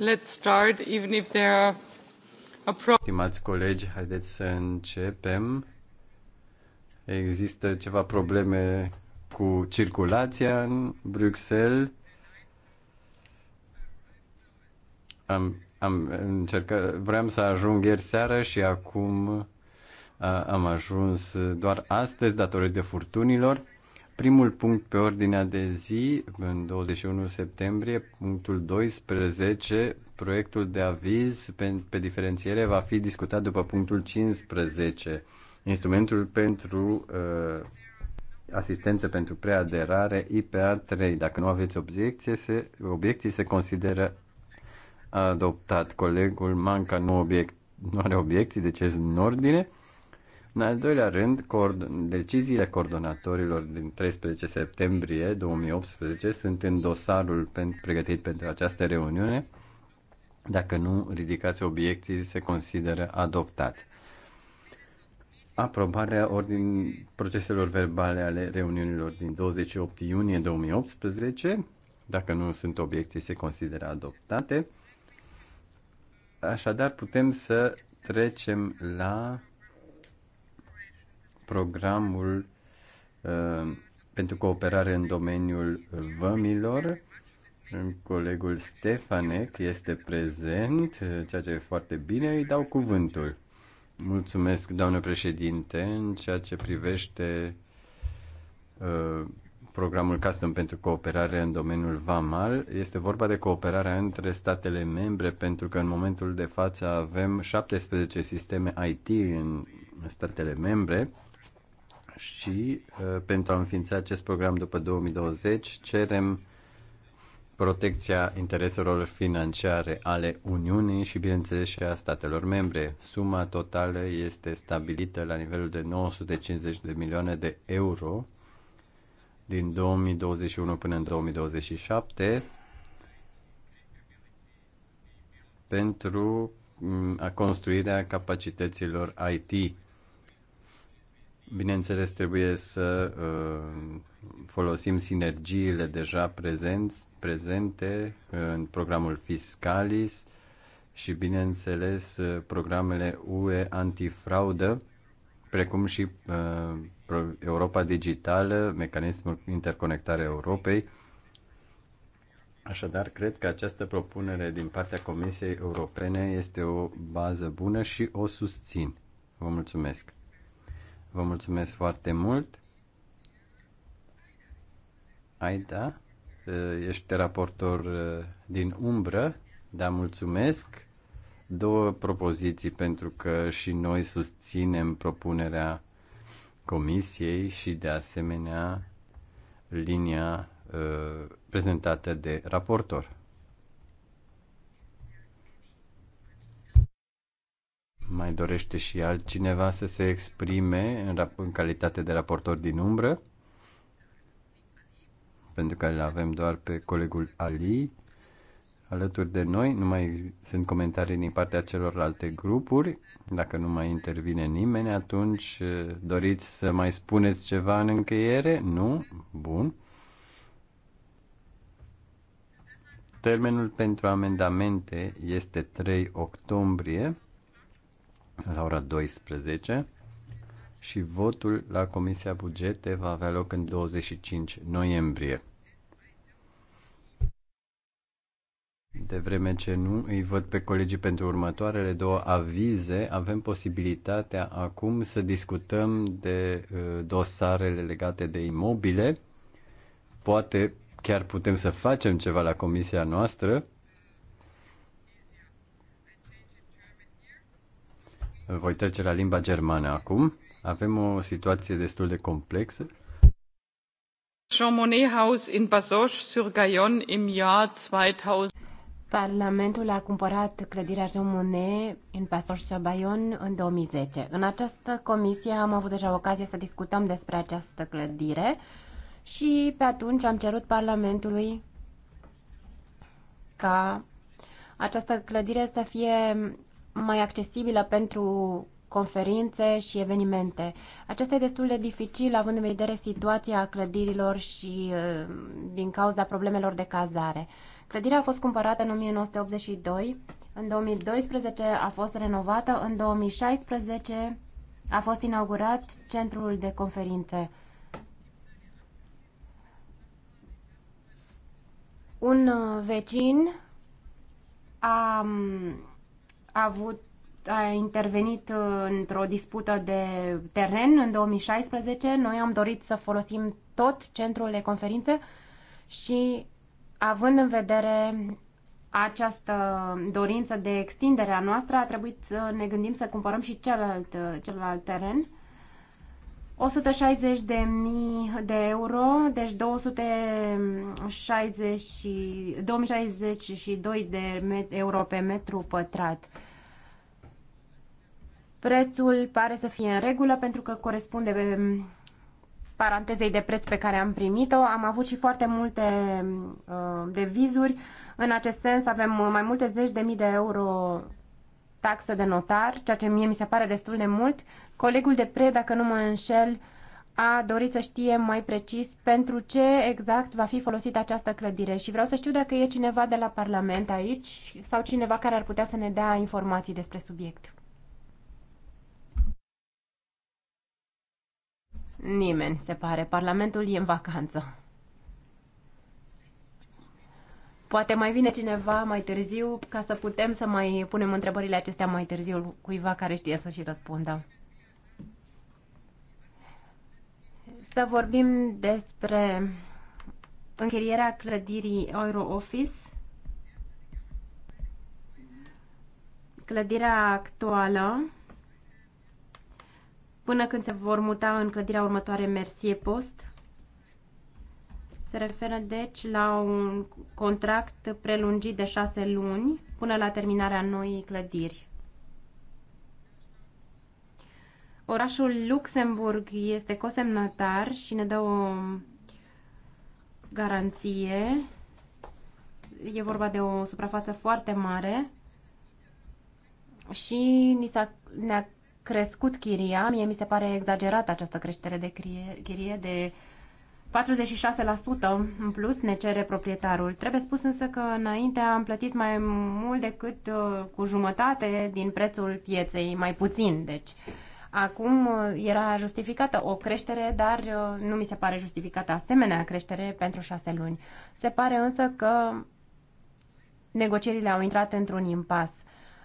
Let's start, even if there are a pro- Stimați colegi, haideți să începem. Există ceva probleme cu circulația în Bruxelles. Am, am încercat, vreau să ajung ieri seară și acum a, am ajuns doar astăzi datorită furtunilor. Primul punct pe ordinea de zi, în 21 septembrie, punctul 12, proiectul de aviz pe, pe diferențiere va fi discutat după punctul 15, instrumentul pentru uh, asistență pentru preaderare IPA 3. Dacă nu aveți obiecție, se, obiecții se consideră adoptat. Colegul Manca nu, obiect, nu are obiecții, deci este în ordine. În al doilea rând, deciziile coordonatorilor din 13 septembrie 2018 sunt în dosarul pregătit pentru această reuniune. Dacă nu ridicați obiecții, se consideră adoptat. Aprobarea ordin proceselor verbale ale reuniunilor din 28 iunie 2018. Dacă nu sunt obiecții, se consideră adoptate. Așadar, putem să trecem la programul uh, pentru cooperare în domeniul vămilor. Colegul Stefanec este prezent, ceea ce e foarte bine, îi dau cuvântul. Mulțumesc, doamnă președinte, în ceea ce privește uh, programul Custom pentru cooperare în domeniul VAMAL. Este vorba de cooperarea între statele membre, pentru că în momentul de față avem 17 sisteme IT în statele membre și uh, pentru a înființa acest program după 2020 cerem protecția intereselor financiare ale Uniunii și, bineînțeles, și a statelor membre. Suma totală este stabilită la nivelul de 950 de milioane de euro din 2021 până în 2027 pentru mm, a construirea capacităților IT Bineînțeles, trebuie să uh, folosim sinergiile deja prezenți, prezente uh, în programul Fiscalis și, bineînțeles, uh, programele UE antifraudă, precum și uh, Europa Digitală, mecanismul interconectare Europei. Așadar, cred că această propunere din partea Comisiei Europene este o bază bună și o susțin. Vă mulțumesc! Vă mulțumesc foarte mult. Aida, uh, ești raportor uh, din umbră, da mulțumesc. Două propoziții, pentru că și noi susținem propunerea Comisiei și, de asemenea, linia uh, prezentată de raportor. Mai dorește și altcineva să se exprime în, în calitate de raportor din umbră? Pentru că îl avem doar pe colegul Ali alături de noi. Nu mai sunt comentarii din partea celorlalte grupuri. Dacă nu mai intervine nimeni, atunci doriți să mai spuneți ceva în încheiere? Nu? Bun. Termenul pentru amendamente este 3 octombrie la ora 12 și votul la Comisia Bugete va avea loc în 25 noiembrie. De vreme ce nu îi văd pe colegii pentru următoarele două avize, avem posibilitatea acum să discutăm de uh, dosarele legate de imobile. Poate chiar putem să facem ceva la comisia noastră Voi trece la limba germană acum. Avem o situație destul de complexă. Jean Monnet House in Basoche sur Gaillon im Jahr 2000. Parlamentul a cumpărat clădirea Jean Monnet în Pasoș și bayon în 2010. În această comisie am avut deja ocazia să discutăm despre această clădire și pe atunci am cerut Parlamentului ca această clădire să fie mai accesibilă pentru conferințe și evenimente. Aceasta e destul de dificil având în vedere situația clădirilor și uh, din cauza problemelor de cazare. Clădirea a fost cumpărată în 1982, în 2012 a fost renovată, în 2016 a fost inaugurat centrul de conferințe. Un uh, vecin a um, a avut a intervenit uh, într-o dispută de teren în 2016. Noi am dorit să folosim tot centrul de conferințe și având în vedere această dorință de extindere a noastră, a trebuit să ne gândim să cumpărăm și celălalt, uh, celălalt teren. 160.000 de mii de euro, deci 260 și 2062 de euro pe metru pătrat. Prețul pare să fie în regulă pentru că corespunde pe mm, parantezei de preț pe care am primit-o. Am avut și foarte multe mm, uh, devizuri. În acest sens avem mai multe zeci de mii de euro taxă de notar, ceea ce mie mi se pare destul de mult. Colegul de pre, dacă nu mă înșel, a dorit să știe mai precis pentru ce exact va fi folosită această clădire și vreau să știu dacă e cineva de la Parlament aici sau cineva care ar putea să ne dea informații despre subiect. Nimeni, se pare. Parlamentul e în vacanță. Poate mai vine cineva mai târziu ca să putem să mai punem întrebările acestea mai târziu cuiva care știe să și răspundă. Să vorbim despre închirierea clădirii Euro Office. Clădirea actuală până când se vor muta în clădirea următoare Mersie Post. Se referă deci la un contract prelungit de șase luni până la terminarea noii clădiri. Orașul Luxemburg este cosemnatar și ne dă o garanție. E vorba de o suprafață foarte mare și ne-a crescut chiria. Mie mi se pare exagerată această creștere de chirie de 46% în plus ne cere proprietarul. Trebuie spus însă că înainte am plătit mai mult decât uh, cu jumătate din prețul pieței, mai puțin, deci. Acum uh, era justificată o creștere, dar uh, nu mi se pare justificată asemenea creștere pentru șase luni. Se pare însă că negocierile au intrat într-un impas.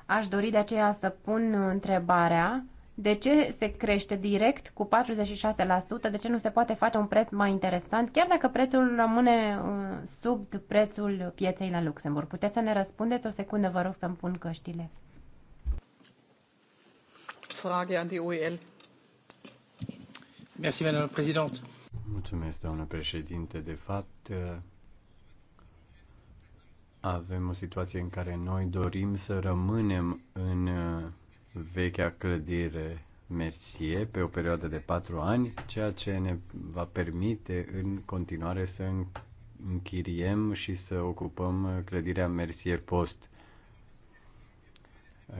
Aș dori de aceea să pun întrebarea de ce se crește direct cu 46%? De ce nu se poate face un preț mai interesant, chiar dacă prețul rămâne uh, sub prețul pieței la Luxemburg? Puteți să ne răspundeți o secundă, vă rog să-mi pun căștile. Frage an die Merci, Madame Mulțumesc, doamnă președinte. De fapt, uh, avem o situație în care noi dorim să rămânem în uh, vechea clădire Mercier pe o perioadă de patru ani, ceea ce ne va permite în continuare să închiriem și să ocupăm clădirea Mercier Post.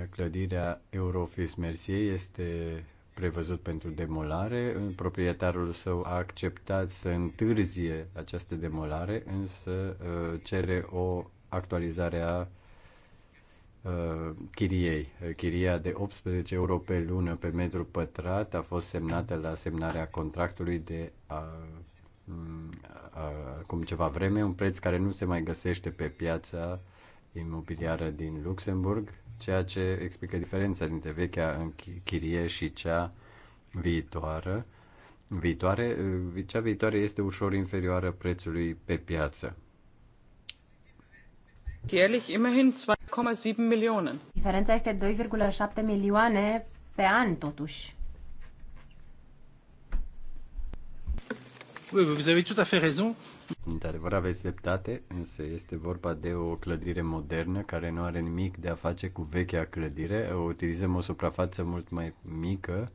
Clădirea Eurofis Mercier este prevăzut pentru demolare. Proprietarul său a acceptat să întârzie această demolare, însă uh, cere o actualizare a Uh, chiriei. Uh, chiria de 18 euro pe lună pe metru pătrat a fost semnată la semnarea contractului de a, mm, a, acum ceva vreme, un preț care nu se mai găsește pe piața imobiliară din Luxemburg, ceea ce explică diferența dintre vechea chirie și cea viitoare. Viitoare, uh, cea viitoare este ușor inferioară prețului pe piață. Jährlich immerhin 2,7 Millionen. Diferența este 2,7 milioane pe an, totuși. Oui, vous avez tout à fait raison. Într-adevăr aveți dreptate, însă este vorba de o clădire modernă care nu are nimic de a face cu vechea clădire. Utilizăm o suprafață mult mai mică,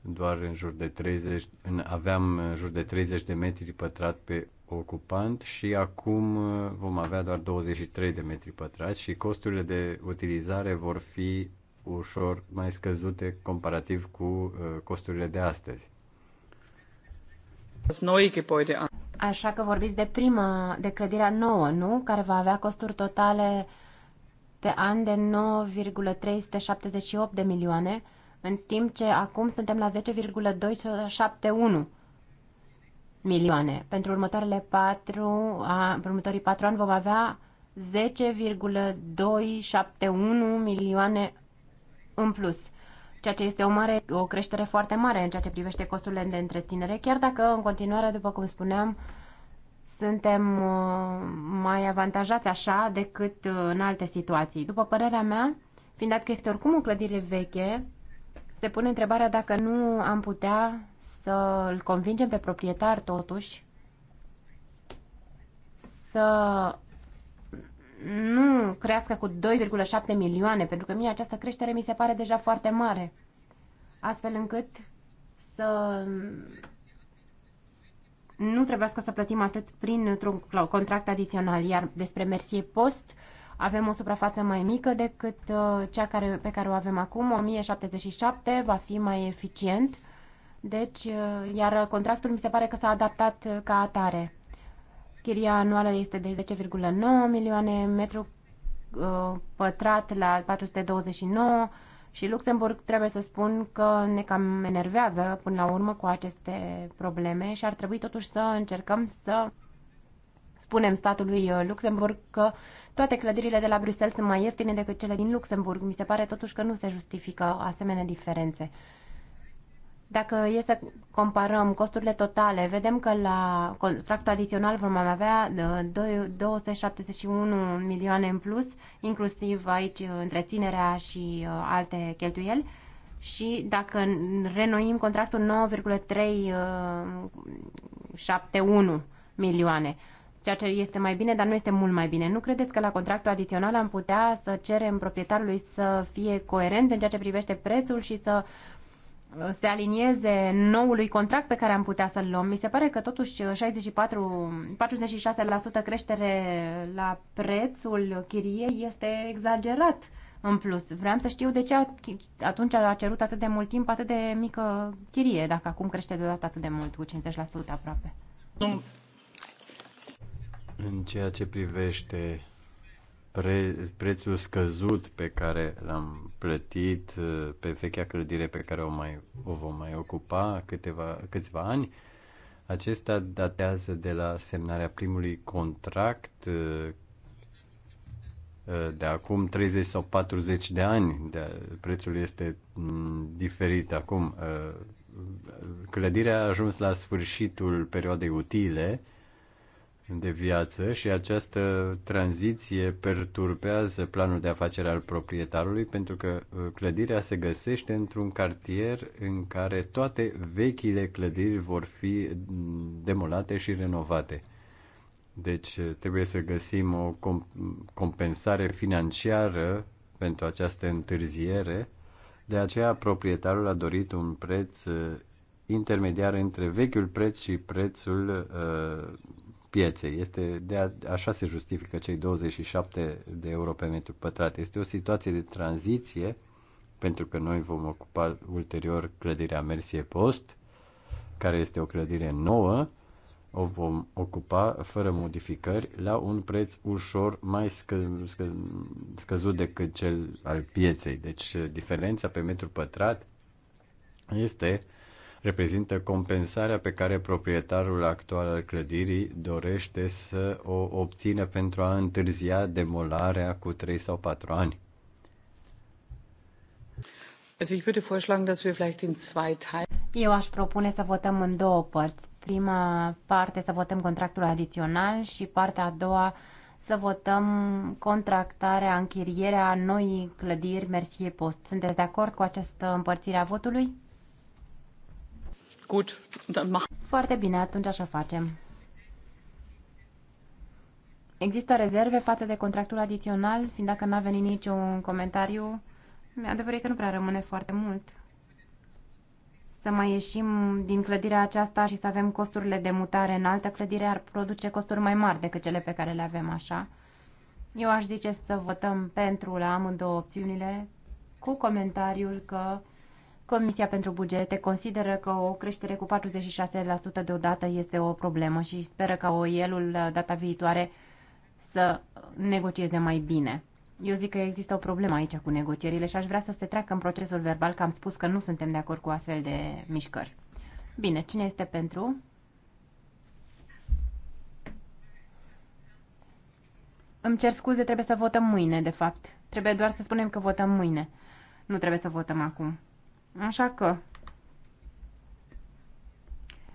doar în jur de 30, în, aveam în jur de 30 de metri pătrat pe ocupant și acum uh, vom avea doar 23 de metri pătrați și costurile de utilizare vor fi ușor mai scăzute comparativ cu uh, costurile de astăzi. Așa că vorbiți de prima, de clădirea nouă, nu? Care va avea costuri totale pe an de 9,378 de milioane, în timp ce acum suntem la 10,271 milioane. Pentru următoarele patru, a, pentru următorii patru ani vom avea 10,271 milioane în plus, ceea ce este o, mare, o creștere foarte mare în ceea ce privește costurile de întreținere, chiar dacă în continuare, după cum spuneam, suntem uh, mai avantajați așa decât uh, în alte situații. După părerea mea, fiind dat că este oricum o clădire veche, se pune întrebarea dacă nu am putea să îl convingem pe proprietar totuși să nu crească cu 2,7 milioane, pentru că mie această creștere mi se pare deja foarte mare. Astfel încât să nu trebuiască să plătim atât prin un contract adițional, iar despre Mersie Post avem o suprafață mai mică decât uh, cea care, pe care o avem acum, 1077, va fi mai eficient deci, uh, iar contractul mi se pare că s-a adaptat uh, ca atare. Chiria anuală este de 10,9 milioane metru uh, pătrat la 429 și Luxemburg trebuie să spun că ne cam enervează până la urmă cu aceste probleme și ar trebui totuși să încercăm să spunem statului Luxemburg că toate clădirile de la Bruxelles sunt mai ieftine decât cele din Luxemburg. Mi se pare totuși că nu se justifică asemenea diferențe. Dacă e să comparăm costurile totale, vedem că la contractul adițional vom avea 271 uh, milioane în plus, inclusiv aici uh, întreținerea și uh, alte cheltuieli. Și dacă renoim contractul 9,371 milioane, ceea ce este mai bine, dar nu este mult mai bine. Nu credeți că la contractul adițional am putea să cerem proprietarului să fie coerent în ceea ce privește prețul și să se alinieze noului contract pe care am putea să-l luăm. Mi se pare că totuși 64, uh, 46% creștere la prețul chiriei este exagerat în plus. Vreau să știu de ce atunci a cerut atât de mult timp atât de mică chirie, dacă acum crește deodată atât de mult, cu 50% aproape. În ceea ce privește pre, prețul scăzut pe care l-am plătit uh, pe vechea clădire pe care o, mai, o vom mai ocupa câteva, câțiva ani. Acesta datează de la semnarea primului contract uh, uh, de acum 30 sau 40 de ani. De, prețul este mm, diferit acum. Clădirea a ajuns la sfârșitul perioadei utile, de viață și această tranziție perturbează planul de afaceri al proprietarului pentru că uh, clădirea se găsește într-un cartier în care toate vechile clădiri vor fi mm, demolate și renovate. Deci uh, trebuie să găsim o compensare financiară pentru această întârziere. De aceea proprietarul a dorit un preț uh, intermediar între vechiul preț și prețul uh, pieței. Este de a, așa se justifică cei 27 de euro pe metru pătrat. Este o situație de tranziție pentru că noi vom ocupa ulterior clădirea Mersie Post, care este o clădire nouă, o vom ocupa fără modificări la un preț ușor mai scă, scă, scăzut decât cel al pieței. Deci diferența pe metru pătrat este reprezintă compensarea pe care proprietarul actual al clădirii dorește să o obțină pentru a întârzia demolarea cu 3 sau 4 ani. Eu aș propune să votăm în două părți. Prima parte să votăm contractul adițional și partea a doua să votăm contractarea, închirierea noii clădiri Mersie Post. Sunteți de acord cu această împărțire a votului? Gut, dann mach. Foarte bine, atunci așa facem. Există rezerve față de contractul adițional, fiind dacă n-a venit niciun comentariu, adevărul e că nu prea rămâne foarte mult. Să mai ieșim din clădirea aceasta și să avem costurile de mutare în altă clădire ar produce costuri mai mari decât cele pe care le avem așa. Eu aș zice să votăm pentru la amândouă opțiunile cu comentariul că Comisia pentru Bugete consideră că o creștere cu 46% deodată este o problemă și speră ca OIL-ul uh, data viitoare să negocieze mai bine. Eu zic că există o problemă aici cu negocierile și aș vrea să se treacă în procesul verbal că am spus că nu suntem de acord cu astfel de mișcări. Bine, cine este pentru? Îmi cer scuze, trebuie să votăm mâine, de fapt. Trebuie doar să spunem că votăm mâine. Nu trebuie să votăm acum. Așa că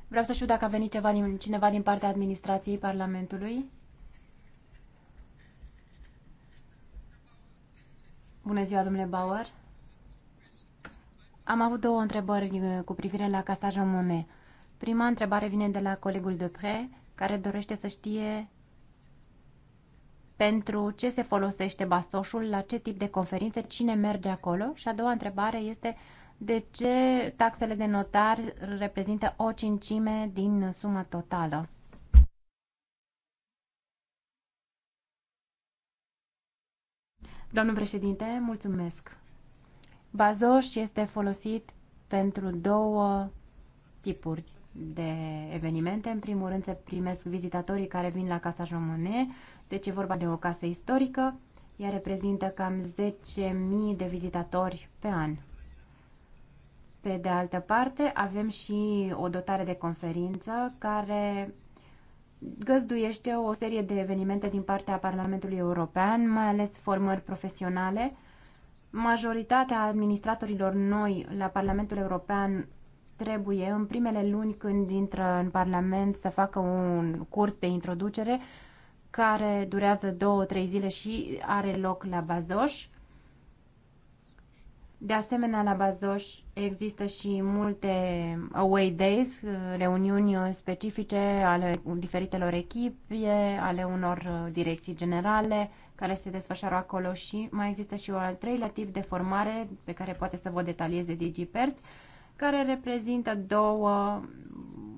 vreau să știu dacă a venit ceva din, cineva din partea administrației Parlamentului. Bună ziua, domnule Bauer. Am avut două întrebări uh, cu privire la Casa Jomone. Prima întrebare vine de la colegul Depre, care dorește să știe pentru ce se folosește basoșul, la ce tip de conferințe, cine merge acolo. Și a doua întrebare este de ce taxele de notar reprezintă o cincime din suma totală. Domnul președinte, mulțumesc. Bazoș este folosit pentru două tipuri de evenimente. În primul rând se primesc vizitatorii care vin la Casa Jomone, deci e vorba de o casă istorică. Ea reprezintă cam 10.000 de vizitatori pe an. Pe de altă parte, avem și o dotare de conferință care găzduiește o serie de evenimente din partea Parlamentului European, mai ales formări profesionale. Majoritatea administratorilor noi la Parlamentul European trebuie în primele luni când intră în Parlament să facă un curs de introducere care durează două-trei zile și are loc la Bazoș. De asemenea, la Bazoș există și multe away days, reuniuni specifice ale diferitelor echipe, ale unor direcții generale care se desfășoară acolo și mai există și o al treilea tip de formare pe care poate să vă detalieze DigiPers, care reprezintă două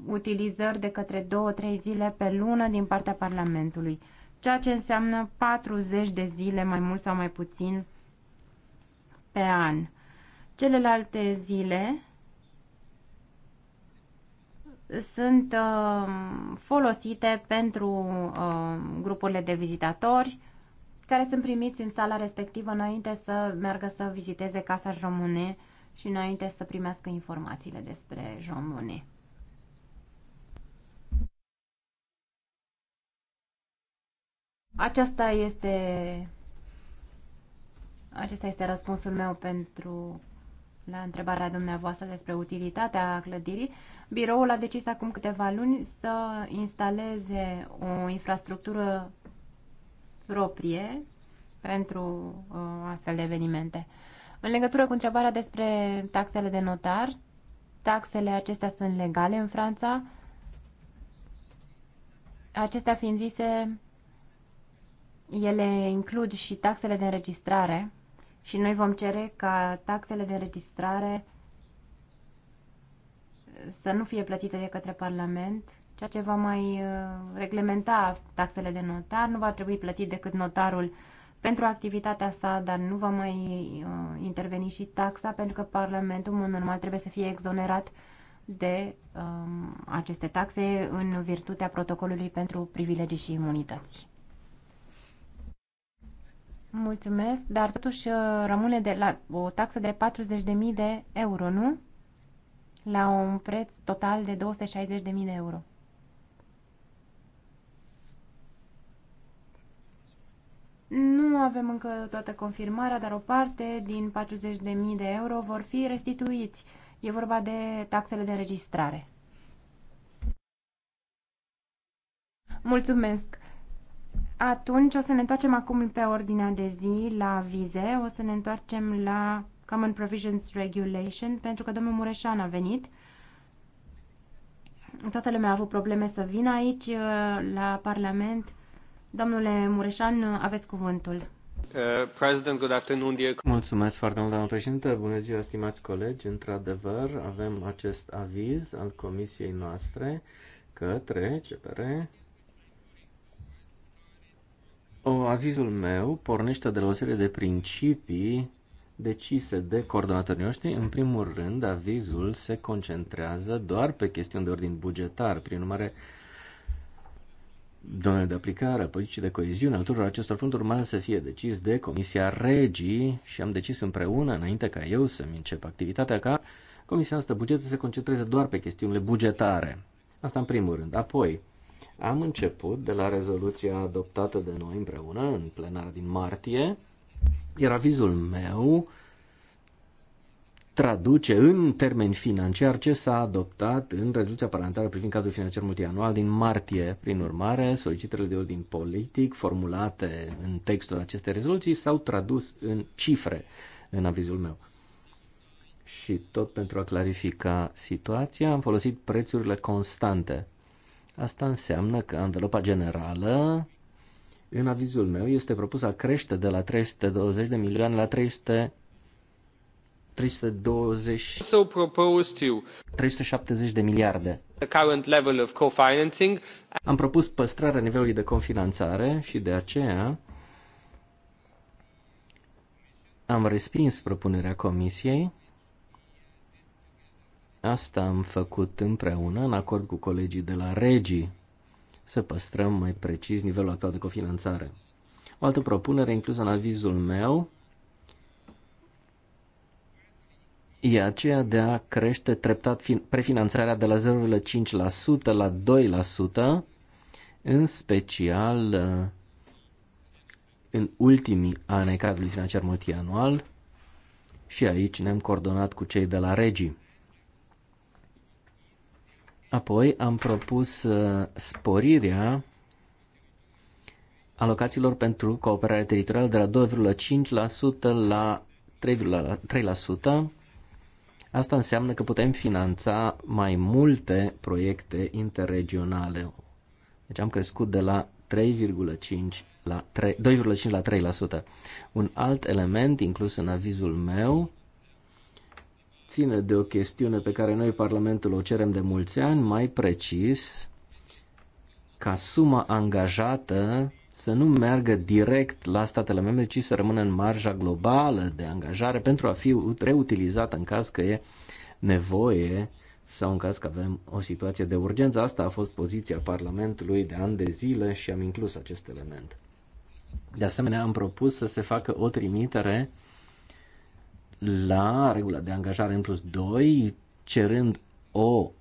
utilizări de către două-trei zile pe lună din partea Parlamentului, ceea ce înseamnă 40 de zile mai mult sau mai puțin pe an. Celelalte zile sunt uh, folosite pentru uh, grupurile de vizitatori care sunt primiți în sala respectivă înainte să meargă să viziteze Casa Jomune și înainte să primească informațiile despre Jomune. Aceasta este, acesta este răspunsul meu pentru la întrebarea dumneavoastră despre utilitatea clădirii, biroul a decis acum câteva luni să instaleze o infrastructură proprie pentru uh, astfel de evenimente. În legătură cu întrebarea despre taxele de notar, taxele acestea sunt legale în Franța. Acestea fiind zise, ele includ și taxele de înregistrare și noi vom cere ca taxele de înregistrare să nu fie plătite de către Parlament, ceea ce va mai uh, reglementa taxele de notar. Nu va trebui plătit decât notarul pentru activitatea sa, dar nu va mai uh, interveni și taxa, pentru că Parlamentul, în normal, trebuie să fie exonerat de um, aceste taxe în virtutea protocolului pentru privilegii și imunități. Mulțumesc, dar totuși uh, rămâne de la o taxă de 40.000 de euro, nu? La un preț total de 260.000 de euro. Nu avem încă toată confirmarea, dar o parte din 40.000 de euro vor fi restituiți. E vorba de taxele de înregistrare. Mulțumesc! Atunci o să ne întoarcem acum pe ordinea de zi la vize, o să ne întoarcem la Common Provisions Regulation, pentru că domnul Mureșan a venit. Toată lumea a avut probleme să vină aici uh, la Parlament. Domnule Mureșan, aveți cuvântul. Uh, President, good afternoon, dear... Mulțumesc foarte mult, doamnă președinte. Bună ziua, stimați colegi. Într-adevăr, avem acest aviz al comisiei noastre către CPR o, avizul meu pornește de la o serie de principii decise de coordonatorii noștri. În primul rând, avizul se concentrează doar pe chestiuni de ordin bugetar, prin urmare domeniul de aplicare a politicii de coeziune al tuturor acestor fonduri urmează să fie decis de Comisia Regii și am decis împreună, înainte ca eu să-mi încep activitatea, ca Comisia noastră bugetă să se concentreze doar pe chestiunile bugetare. Asta în primul rând. Apoi, am început de la rezoluția adoptată de noi împreună în plenar din martie, iar avizul meu traduce în termeni financiar ce s-a adoptat în rezoluția parlamentară privind cadrul financiar multianual din martie. Prin urmare, solicitările de ordin politic formulate în textul acestei rezoluții s-au tradus în cifre în avizul meu. Și tot pentru a clarifica situația, am folosit prețurile constante Asta înseamnă că anvelopa generală, în avizul meu, este propusă a crește de la 320 de milioane la 300 320 so proposed to 370 de miliarde. The current level of co-financing. Am propus păstrarea nivelului de cofinanțare și de aceea am respins propunerea comisiei Asta am făcut împreună, în acord cu colegii de la Regii, să păstrăm mai precis nivelul actual de cofinanțare. O altă propunere inclusă în avizul meu e aceea de a crește treptat prefinanțarea de la 0,5% la 2%, în special uh, în ultimii ani ai cadrului financiar multianual și aici ne-am coordonat cu cei de la Regii. Apoi am propus uh, sporirea alocațiilor pentru cooperare teritorială de la 2,5% la 3%. Asta înseamnă că putem finanța mai multe proiecte interregionale. Deci am crescut de la 3,5 la 2,5 la 3%. Un alt element inclus în avizul meu ține de o chestiune pe care noi, Parlamentul, o cerem de mulți ani, mai precis, ca suma angajată să nu meargă direct la statele membre, ci să rămână în marja globală de angajare pentru a fi reutilizată în caz că e nevoie sau în caz că avem o situație de urgență. Asta a fost poziția Parlamentului de ani de zile și am inclus acest element. De asemenea, am propus să se facă o trimitere la regula de angajare în plus 2, cerând o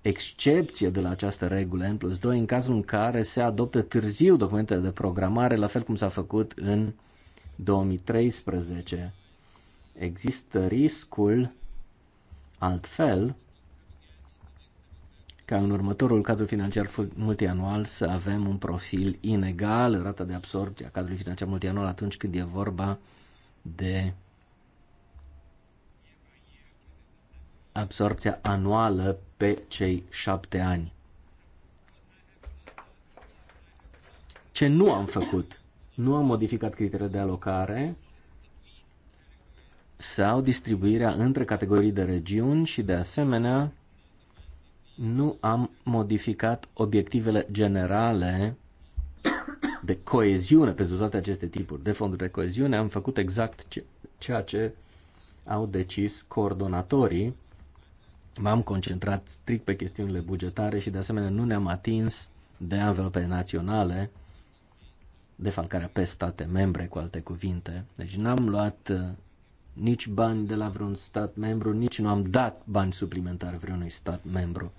excepție de la această regulă N plus 2 în cazul în care se adoptă târziu documentele de programare, la fel cum s-a făcut în 2013. Există riscul altfel ca în următorul cadru financiar multianual să avem un profil inegal, rata de absorbție a cadrului financiar multianual atunci când e vorba de absorpția anuală pe cei șapte ani. Ce nu am făcut? Nu am modificat criteriile de alocare sau distribuirea între categorii de regiuni și de asemenea nu am modificat obiectivele generale de coeziune pentru toate aceste tipuri de fonduri de coeziune. Am făcut exact ceea ce au decis coordonatorii m-am concentrat strict pe chestiunile bugetare și de asemenea nu ne-am atins de anvelope naționale, defalcarea pe state membre, cu alte cuvinte. Deci n-am luat uh, nici bani de la vreun stat membru, nici nu am dat bani suplimentari vreunui stat membru.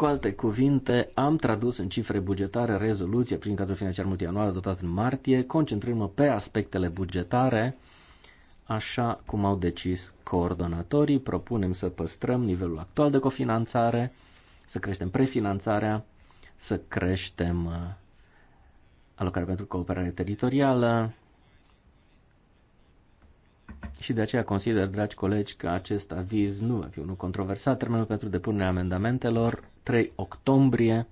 Cu alte cuvinte, am tradus în cifre bugetare rezoluția prin cadrul financiar multianual adoptat în martie, concentrându-mă pe aspectele bugetare, așa cum au decis coordonatorii. Propunem să păstrăm nivelul actual de cofinanțare, să creștem prefinanțarea, să creștem uh, alocarea pentru cooperare teritorială, și de aceea consider, dragi colegi, că acest aviz nu va fi unul controversat. Termenul pentru depunerea amendamentelor 3 octombrie,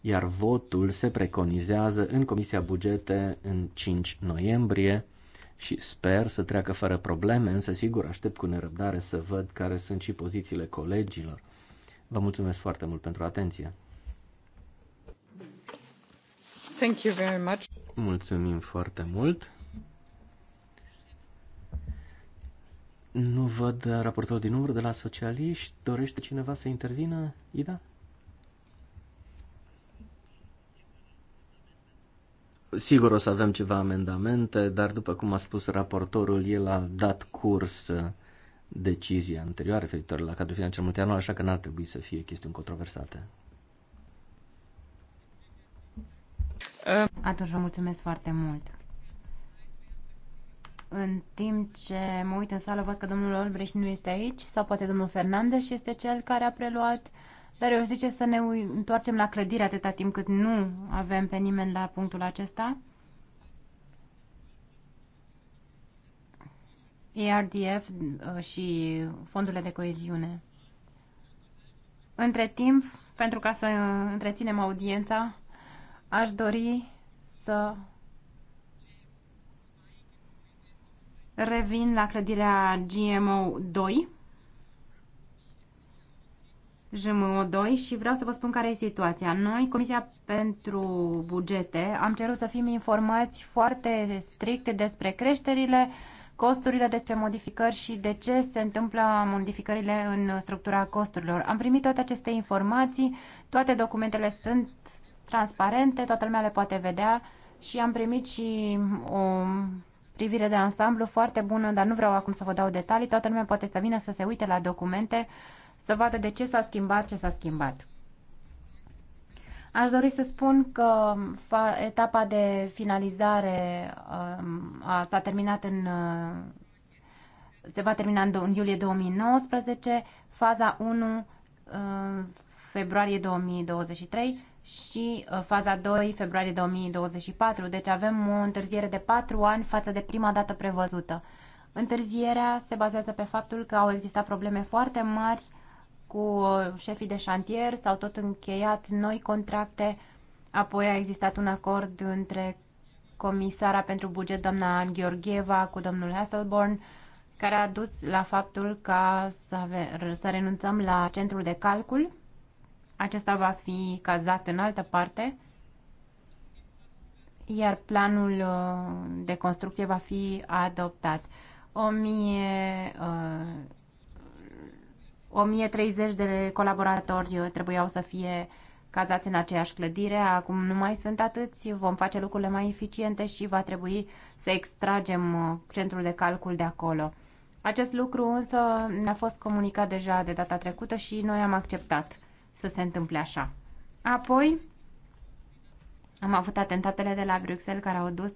iar votul se preconizează în Comisia Bugete în 5 noiembrie și sper să treacă fără probleme, însă sigur aștept cu nerăbdare să văd care sunt și pozițiile colegilor. Vă mulțumesc foarte mult pentru atenție. Thank you very much. Mulțumim foarte mult. Nu văd raportorul din număr de la socialiști. Dorește cineva să intervină, Ida? Sigur o să avem ceva amendamente, dar după cum a spus raportorul, el a dat curs decizia anterioară referitoare la cadrul financiar multianual, așa că n-ar trebui să fie chestiuni controversate. Atunci vă mulțumesc foarte mult. În timp ce mă uit în sală, văd că domnul Olbrecht nu este aici, sau poate domnul Fernandes este cel care a preluat, dar eu zice să ne întoarcem la clădire atâta timp cât nu avem pe nimeni la punctul acesta. ERDF uh, și fondurile de coeziune. Între timp, pentru ca să uh, întreținem audiența, aș dori să Revin la clădirea GMO 2, GMO 2 și vreau să vă spun care e situația. Noi, Comisia pentru Bugete, am cerut să fim informați foarte stricte despre creșterile, costurile, despre modificări și de ce se întâmplă modificările în structura costurilor. Am primit toate aceste informații, toate documentele sunt transparente, toată lumea le poate vedea și am primit și o privire de ansamblu foarte bună, dar nu vreau acum să vă dau detalii. Toată lumea poate să vină să se uite la documente, să vadă de ce s-a schimbat, ce s-a schimbat. Aș dori să spun că etapa de finalizare um, s-a terminat în uh, se va termina în iulie 2019, faza 1 uh, februarie 2023 și uh, faza 2, februarie 2024, deci avem o întârziere de 4 ani față de prima dată prevăzută. Întârzierea se bazează pe faptul că au existat probleme foarte mari cu uh, șefii de șantier, s-au tot încheiat noi contracte, apoi a existat un acord între comisara pentru buget, doamna Gheorgheva, cu domnul Hasselborn, care a dus la faptul ca să, ave- să renunțăm la centrul de calcul acesta va fi cazat în altă parte, iar planul uh, de construcție va fi adoptat. 1030 uh, de colaboratori trebuiau să fie cazați în aceeași clădire, acum nu mai sunt atâți, vom face lucrurile mai eficiente și va trebui să extragem uh, centrul de calcul de acolo. Acest lucru însă ne-a fost comunicat deja de data trecută și noi am acceptat să se întâmple așa. Apoi am avut atentatele de la Bruxelles care au dus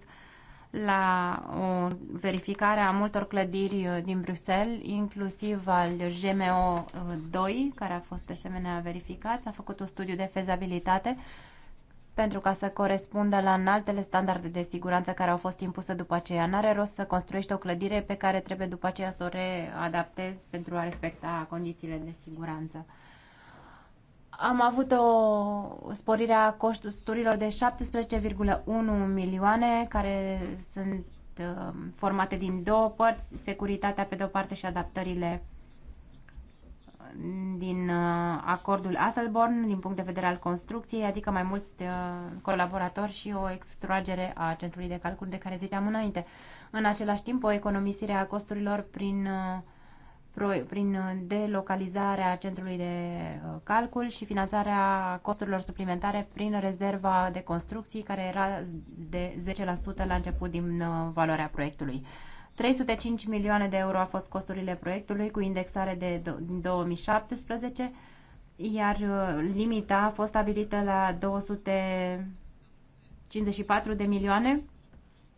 la o verificare a multor clădiri uh, din Bruxelles, inclusiv al GMO 2, uh, care a fost de asemenea verificat. S-a făcut un studiu de fezabilitate pentru ca să corespundă la înaltele standarde de siguranță care au fost impuse după aceea. N-are rost să construiești o clădire pe care trebuie după aceea să o readaptezi pentru a respecta condițiile de siguranță. Am avut o sporire a costurilor de 17,1 milioane, care sunt uh, formate din două părți, securitatea pe de-o parte și adaptările din uh, acordul Asselborn din punct de vedere al construcției, adică mai mulți uh, colaboratori și o extragere a centrului de calcul de care ziceam înainte. În același timp, o economisire a costurilor prin uh, prin uh, delocalizarea centrului de uh, calcul și finanțarea costurilor suplimentare prin rezerva de construcții, care era de 10% la început din uh, valoarea proiectului. 305 milioane de euro au fost costurile proiectului cu indexare de 2017, iar limita a fost stabilită la 254 de milioane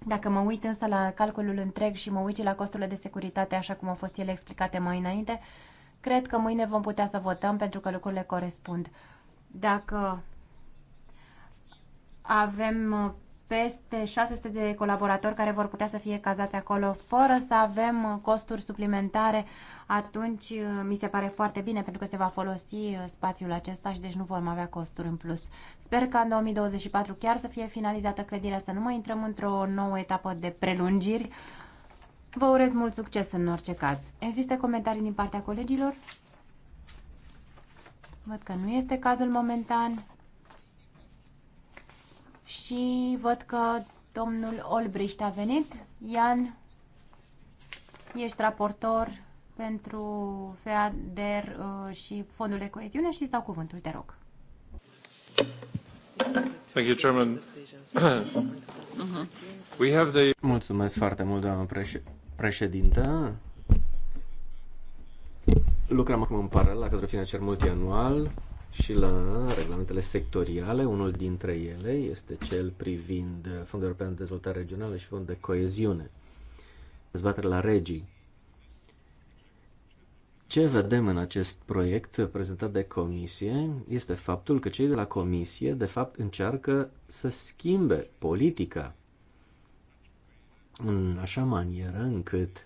dacă mă uit însă la calculul întreg și mă uit și la costurile de securitate, așa cum au fost ele explicate mai înainte, cred că mâine vom putea să votăm pentru că lucrurile corespund. Dacă avem peste 600 de colaboratori care vor putea să fie cazați acolo fără să avem costuri suplimentare, atunci uh, mi se pare foarte bine pentru că se va folosi uh, spațiul acesta și deci nu vom avea costuri în plus. Sper ca în 2024 chiar să fie finalizată clădirea, să nu mai intrăm într-o nouă etapă de prelungiri. Vă urez mult succes în orice caz. Există comentarii din partea colegilor? Văd că nu este cazul momentan și văd că domnul Olbricht a venit. Ian, ești raportor pentru FEADER uh, și Fondul de Coeziune și îți dau cuvântul, te rog. Thank you, Chairman. Mhm. We have the... Mulțumesc foarte mult, doamnă președintă. Lucrăm acum în paralel la cadrul financiar multianual și la regulamentele sectoriale. Unul dintre ele este cel privind Fondul European de Dezvoltare Regională și Fondul de Coeziune. Dezbatere la regii. Ce vedem în acest proiect prezentat de comisie este faptul că cei de la comisie, de fapt, încearcă să schimbe politica în așa manieră încât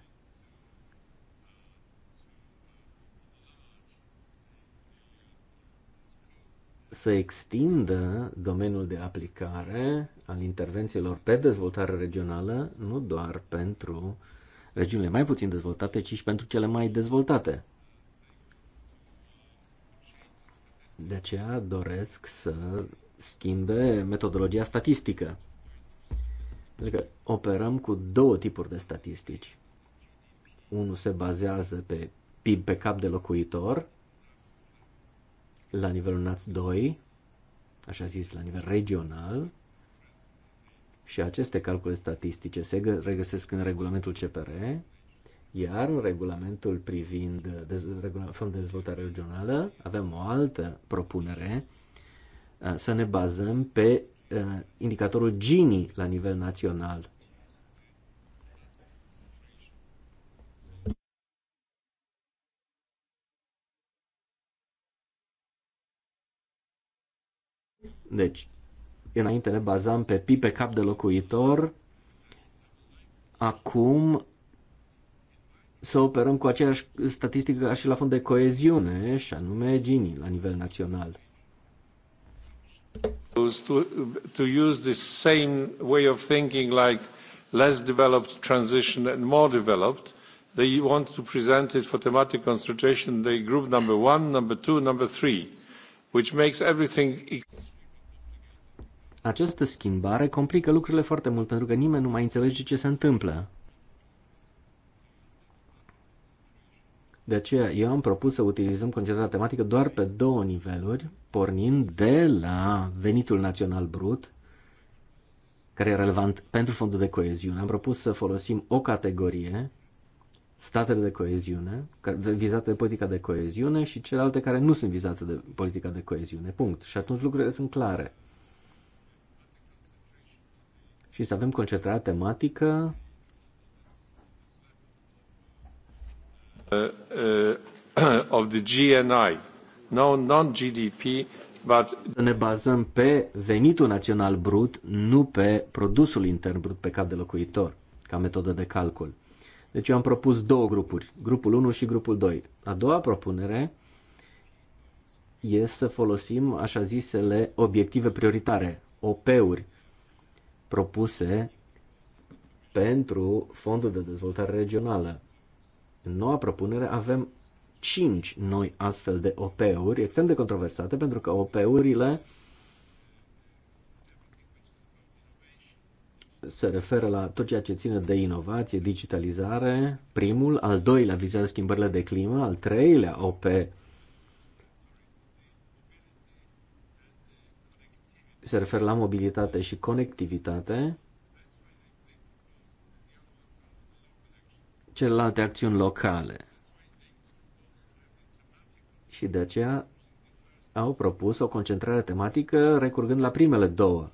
să extindă domeniul de aplicare al intervențiilor pe dezvoltare regională, nu doar pentru regiunile mai puțin dezvoltate, ci și pentru cele mai dezvoltate. De aceea doresc să schimbe metodologia statistică. Pentru că operăm cu două tipuri de statistici. Unul se bazează pe PIB pe cap de locuitor, la nivelul NAț 2, așa zis, la nivel regional, și aceste calcule statistice se regăsesc în regulamentul CPR, iar în regulamentul privind fondul de dezvoltare regională avem o altă propunere să ne bazăm pe indicatorul Gini la nivel național. Deci, înainte ne bazam pe pi pe cap de locuitor, acum să operăm cu aceeași statistică ca și la fond de coeziune, și anume Gini, la nivel național. To, to use the same way of thinking like less developed transition and more developed, they want to present it for thematic concentration, they group number one, number two, number three, which makes everything... Această schimbare complică lucrurile foarte mult pentru că nimeni nu mai înțelege ce se întâmplă. De aceea eu am propus să utilizăm concentrarea tematică doar pe două niveluri, pornind de la venitul național brut, care e relevant pentru fondul de coeziune. Am propus să folosim o categorie, statele de coeziune, vizate de politica de coeziune și celelalte care nu sunt vizate de politica de coeziune. Punct. Și atunci lucrurile sunt clare și să avem concentrarea tematică. Uh, uh, of the GNI, no, non-GDP, but... Ne bazăm pe venitul național brut, nu pe produsul intern brut pe cap de locuitor, ca metodă de calcul. Deci eu am propus două grupuri, grupul 1 și grupul 2. A doua propunere este să folosim așa zisele obiective prioritare, OP-uri, propuse pentru Fondul de Dezvoltare Regională. În noua propunere avem 5 noi astfel de OP-uri, extrem de controversate, pentru că OP-urile se referă la tot ceea ce ține de inovație, digitalizare, primul, al doilea vizează schimbările de climă, al treilea OP se referă la mobilitate și conectivitate. Celelalte acțiuni locale. Și de aceea au propus o concentrare tematică recurgând la primele două.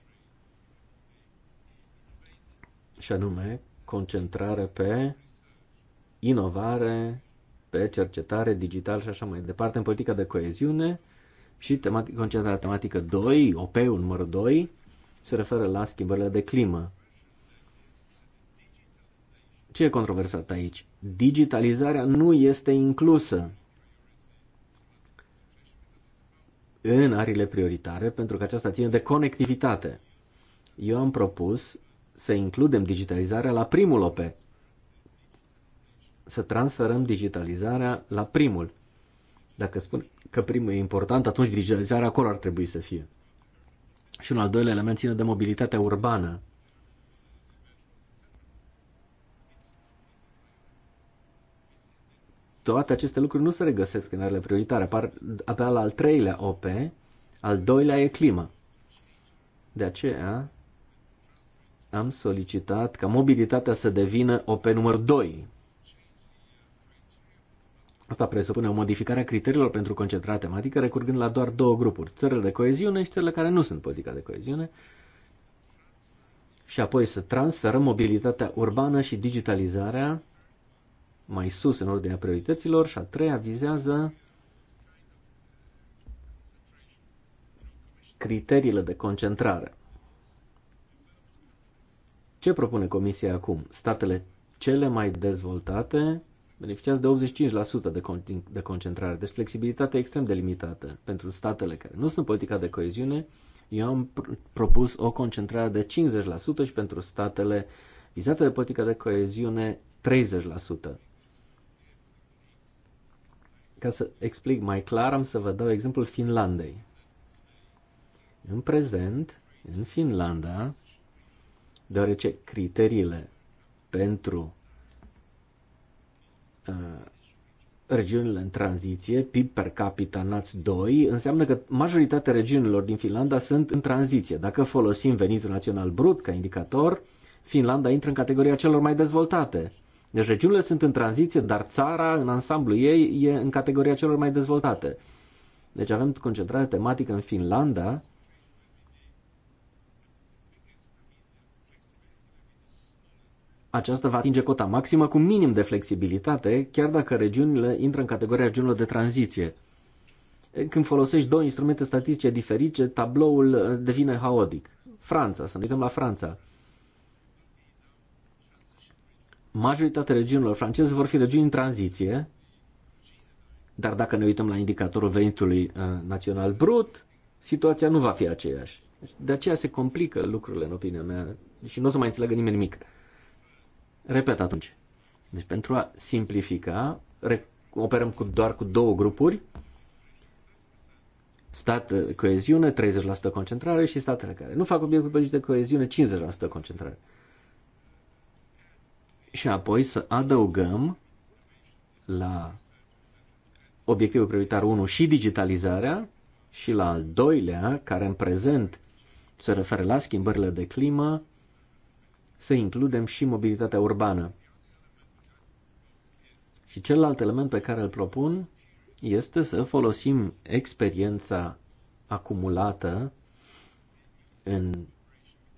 Și anume, concentrare pe inovare, pe cercetare digital și așa mai departe în politica de coeziune și tematic, concentrarea tematică 2, OP-ul numărul 2, se referă la schimbările de climă. Ce e controversat aici? Digitalizarea nu este inclusă în arile prioritare pentru că aceasta ține de conectivitate. Eu am propus să includem digitalizarea la primul OP, să transferăm digitalizarea la primul. Dacă spun că primul e important, atunci digitalizarea acolo ar trebui să fie. Și un al doilea element ține de mobilitatea urbană. Toate aceste lucruri nu se regăsesc în arele prioritare, apar abia la al treilea OP, al doilea e climă. De aceea am solicitat ca mobilitatea să devină OP numărul 2 Asta presupune o modificare a criteriilor pentru concentrarea tematică, recurgând la doar două grupuri, țările de coeziune și țările care nu sunt politica de coeziune, și apoi să transferăm mobilitatea urbană și digitalizarea mai sus în ordinea priorităților și a treia vizează criteriile de concentrare. Ce propune Comisia acum? Statele cele mai dezvoltate beneficiază de 85% de, con- de concentrare, deci flexibilitate extrem de limitată pentru statele care nu sunt politica de coeziune. Eu am propus o concentrare de 50% și pentru statele vizate de politica de coeziune 30%. Ca să explic mai clar, am să vă dau exemplul Finlandei. În prezent, în Finlanda, deoarece criteriile pentru Uh, regiunile în tranziție, PIB per capita NAT2, înseamnă că majoritatea regiunilor din Finlanda sunt în tranziție. Dacă folosim venitul național brut ca indicator, Finlanda intră în categoria celor mai dezvoltate. Deci regiunile sunt în tranziție, dar țara în ansamblu ei e în categoria celor mai dezvoltate. Deci avem concentrare tematică în Finlanda aceasta va atinge cota maximă cu minim de flexibilitate, chiar dacă regiunile intră în categoria regiunilor de tranziție. Când folosești două instrumente statistice diferite, tabloul uh, devine haotic. Franța, să ne uităm la Franța. Majoritatea regiunilor franceze vor fi regiuni în tranziție, dar dacă ne uităm la indicatorul venitului uh, național brut, situația nu va fi aceeași. Deci, de aceea se complică lucrurile, în opinia mea, și nu o să mai înțeleagă nimeni nimic. Repet atunci. Deci pentru a simplifica, operăm cu, doar cu două grupuri, stat uh, coeziune 30% concentrare și statele care nu fac obiectul politic de coeziune 50% concentrare. Și apoi să adăugăm la obiectivul prioritar 1 și digitalizarea și la al doilea, care în prezent se referă la schimbările de climă, să includem și mobilitatea urbană. Și celălalt element pe care îl propun este să folosim experiența acumulată în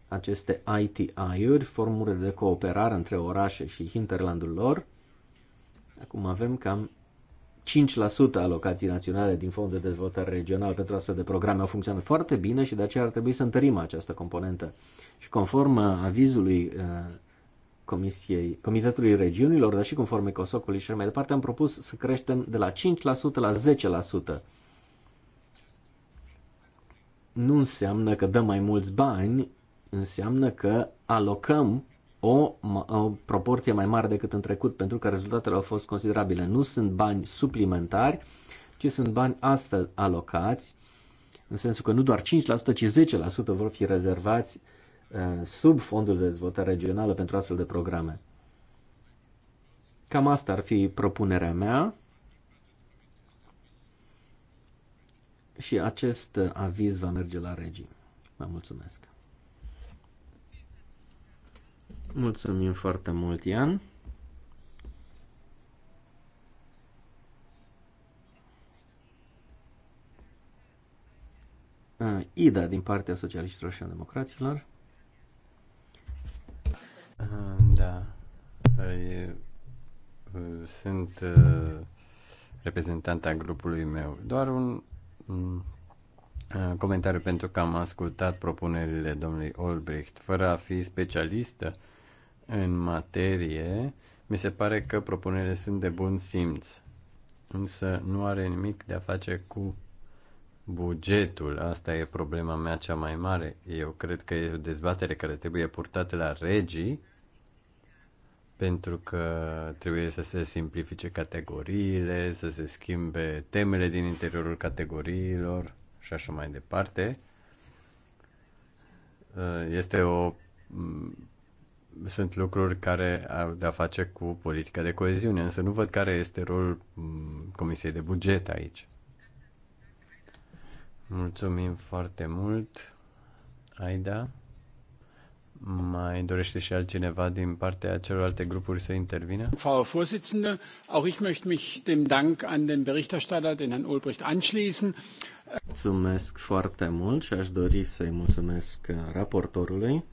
aceste ITI-uri, formule de cooperare între orașe și hinterlandul lor. Acum avem cam 5% alocații naționale din fondul de dezvoltare regional pentru astfel de programe au funcționat foarte bine și de aceea ar trebui să întărim această componentă. Și conform uh, avizului uh, Comisiei, Comitetului Regiunilor, dar și conform Ecosocului și mai departe, am propus să creștem de la 5% la 10%. Nu înseamnă că dăm mai mulți bani, înseamnă că alocăm o, o proporție mai mare decât în trecut, pentru că rezultatele au fost considerabile. Nu sunt bani suplimentari, ci sunt bani astfel alocați, în sensul că nu doar 5%, ci 10% vor fi rezervați Uh, sub fondul de dezvoltare regională pentru astfel de programe. Cam asta ar fi propunerea mea. Și acest aviz va merge la regii. Vă mulțumesc. Mulțumim foarte mult, Ian. Uh, Ida din partea socialiștilor și democraților. Da. Păi, uh, sunt uh, reprezentanta grupului meu. Doar un mm, uh, comentariu pentru că am ascultat propunerile domnului Olbricht. Fără a fi specialistă în materie, mi se pare că propunerile sunt de bun simț, însă nu are nimic de a face cu bugetul. Asta e problema mea cea mai mare. Eu cred că e o dezbatere care trebuie purtată la regii pentru că trebuie să se simplifice categoriile, să se schimbe temele din interiorul categoriilor și așa mai departe. Uh, este o mm, sunt lucruri care au de-a face cu politica de coeziune, însă nu văd care este rolul mm, Comisiei de Buget aici. Mulțumim foarte mult, Aida. Mai dorește și altcineva din partea celorlalte grupuri să intervină? Frau Vorsitzende, auch ich möchte mich dem Dank an den Berichterstatter, den Herrn Ulbricht, anschließen. Mulțumesc foarte mult și aș dori să-i mulțumesc raportorului.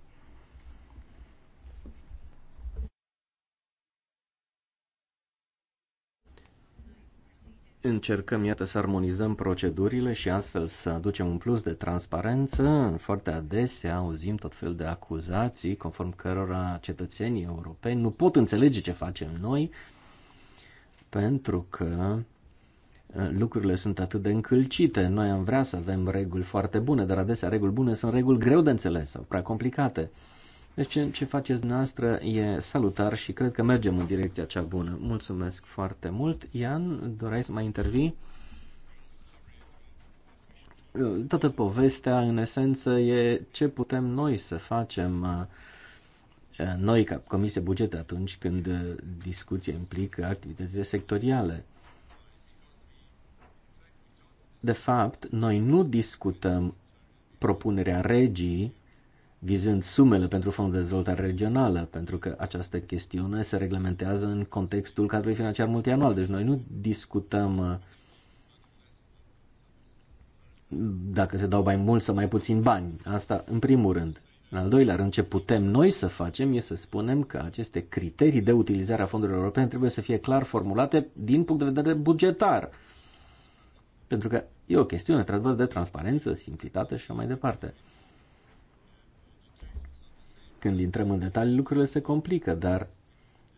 încercăm, iată, să armonizăm procedurile și astfel să aducem un plus de transparență. Foarte adesea auzim tot fel de acuzații conform cărora cetățenii europeni nu pot înțelege ce facem noi pentru că uh, lucrurile sunt atât de încălcite. Noi am vrea să avem reguli foarte bune, dar adesea reguli bune sunt reguli greu de înțeles sau prea complicate. Deci ce faceți noastră e salutar și cred că mergem în direcția cea bună. Mulțumesc foarte mult. Ian, doreai să mai intervii? Toată povestea, în esență, e ce putem noi să facem uh, noi ca Comisie Bugete atunci când uh, discuția implică activitățile sectoriale. De fapt, noi nu discutăm propunerea regii vizând sumele pentru fondul de dezvoltare regională, pentru că această chestiune se reglementează în contextul cadrului financiar multianual. Deci noi nu discutăm uh, dacă se dau mai mult sau mai puțin bani. Asta în primul rând. În al doilea rând, ce putem noi să facem e să spunem că aceste criterii de utilizare a fondurilor europene trebuie să fie clar formulate din punct de vedere bugetar. Pentru că e o chestiune, într-adevăr, de transparență, simplitate și așa mai departe. Când intrăm în detalii, lucrurile se complică, dar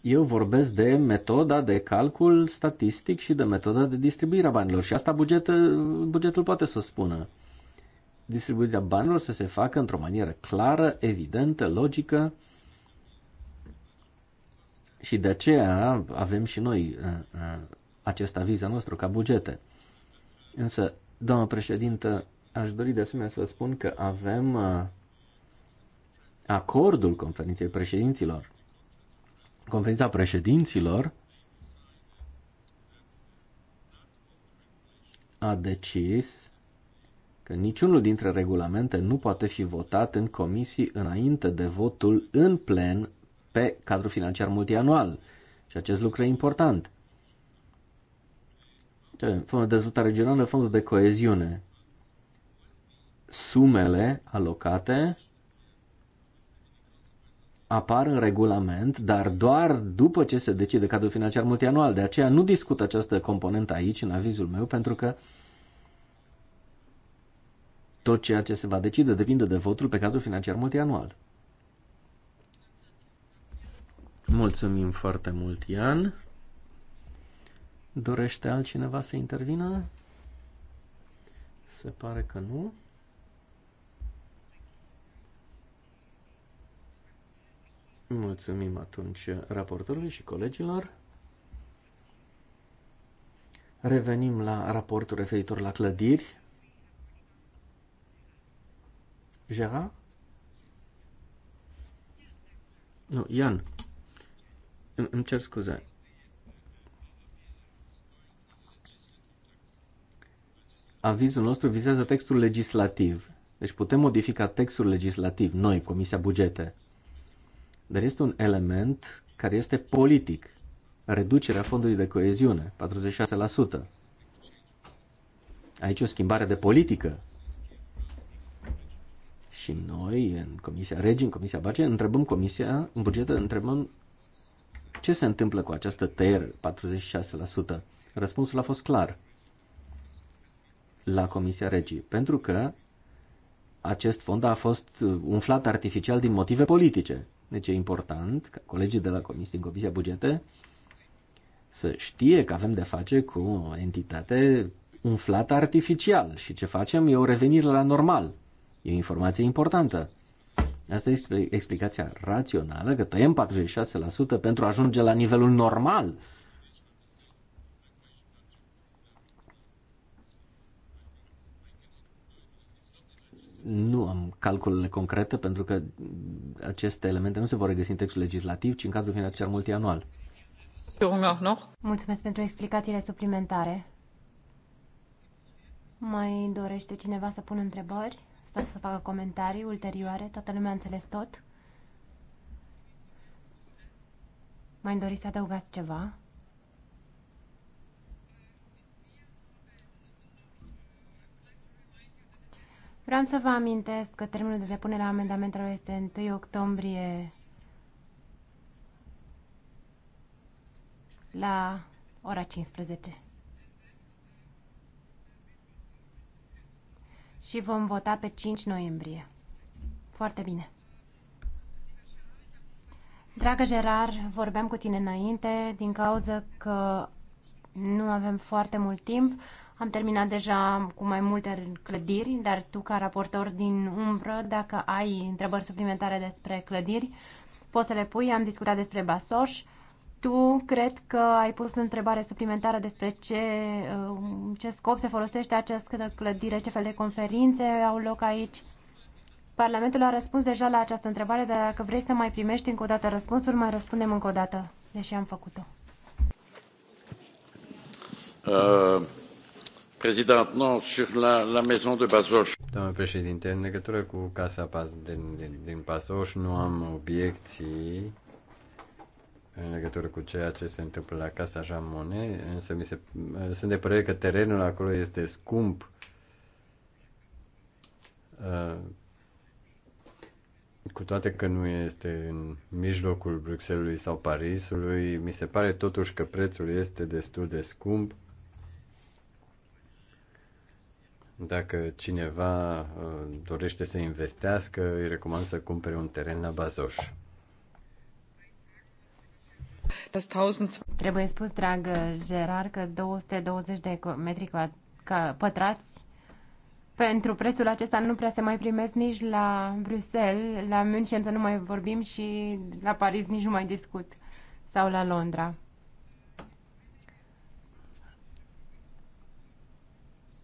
eu vorbesc de metoda de calcul statistic și de metoda de distribuire a banilor și asta bugetul, bugetul poate să o spună. Distribuirea banilor să se facă într-o manieră clară, evidentă, logică și de aceea avem și noi uh, uh, acest aviz al nostru ca bugete. Însă, doamnă președintă, aș dori de asemenea să vă spun că avem uh, acordul conferinței președinților. Conferința președinților a decis că niciunul dintre regulamente nu poate fi votat în comisii înainte de votul în plen pe cadrul financiar multianual. Și acest lucru e important. Fondul de dezvoltare regională, fondul de coeziune. Sumele alocate apar în regulament, dar doar după ce se decide cadrul financiar multianual. De aceea nu discut această componentă aici, în avizul meu, pentru că tot ceea ce se va decide depinde de votul pe cadrul financiar multianual. Mulțumim foarte mult, Ian. Dorește altcineva să intervină? Se pare că nu. Mulțumim atunci raportorului și colegilor. Revenim la raportul referitor la clădiri. Jera? Nu, Ian. Îmi cer scuze. Avizul nostru vizează textul legislativ. Deci putem modifica textul legislativ, noi, Comisia Bugete. Dar este un element care este politic. Reducerea fondului de coeziune, 46%. Aici o schimbare de politică. Și noi, în Comisia Regi, în Comisia Bace, întrebăm Comisia, în bugetă, întrebăm ce se întâmplă cu această tăiere, 46%. Răspunsul a fost clar la Comisia Regii, pentru că acest fond a fost uh, umflat artificial din motive politice. Deci e important ca colegii de la comisie, din Comisia Bugete să știe că avem de face cu o entitate umflată artificial și ce facem e o revenire la normal. E o informație importantă. Asta este explicația rațională că tăiem 46% pentru a ajunge la nivelul normal Nu am calculele concrete pentru că aceste elemente nu se vor regăsi în textul legislativ, ci în cadrul financiar multianual. Mulțumesc pentru explicațiile suplimentare. Mai dorește cineva să pună întrebări sau să facă comentarii ulterioare? Toată lumea a înțeles tot? Mai doriți să adăugați ceva? Vreau să vă amintesc că termenul de depunere a amendamentelor este 1 octombrie la ora 15. Și vom vota pe 5 noiembrie. Foarte bine. Dragă Gerar, vorbeam cu tine înainte din cauza că nu avem foarte mult timp. Am terminat deja cu mai multe clădiri, dar tu, ca raportor din umbră, dacă ai întrebări suplimentare despre clădiri, poți să le pui. Am discutat despre Basoș. Tu cred că ai pus întrebare suplimentară despre ce, uh, ce scop se folosește această clădire, ce fel de conferințe au loc aici. Parlamentul a răspuns deja la această întrebare, dar dacă vrei să mai primești încă o dată răspunsul, mai răspundem încă o dată, deși am făcut-o. Uh. Doamne președinte, în legătură cu Casa din, din, din Pasoș nu am obiecții în legătură cu ceea ce se întâmplă la Casa Jean Monnet, însă mi se, sunt de părere că terenul acolo este scump. Uh, cu toate că nu este în mijlocul Bruxellesului sau Parisului, mi se pare totuși că prețul este destul de scump Dacă cineva uh, dorește să investească, îi recomand să cumpere un teren la Bazoș. Trebuie spus, dragă Gerard, că 220 de metri pătrați pentru prețul acesta nu prea se mai primesc nici la Bruxelles, la München să nu mai vorbim și la Paris nici nu mai discut sau la Londra.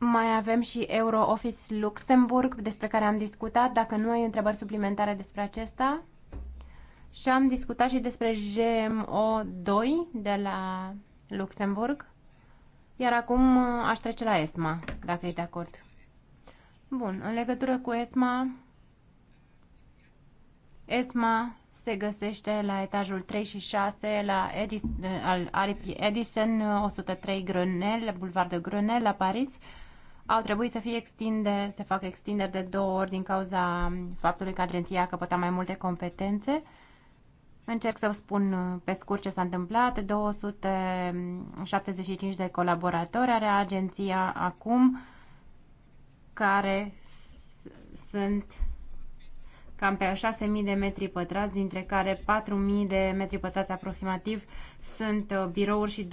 Mai avem și Eurooffice Luxemburg, despre care am discutat, dacă nu ai întrebări suplimentare despre acesta. Și am discutat și despre GMO2 de la Luxemburg. Iar acum uh, aș trece la ESMA, dacă ești de acord. Bun, în legătură cu ESMA, ESMA se găsește la etajul 3 și 6 la Edis, al Edison 103 uh, Grenelle, Boulevard de Grenelle la Paris au trebuit să fie extinde, să facă extinderi de două ori din cauza faptului că agenția a căpătat mai multe competențe. Încerc să vă spun uh, pe scurt ce s-a întâmplat. 275 de colaboratori are agenția acum, care sunt cam pe 6.000 de metri pătrați, dintre care 4.000 de metri pătrați aproximativ sunt uh, birouri și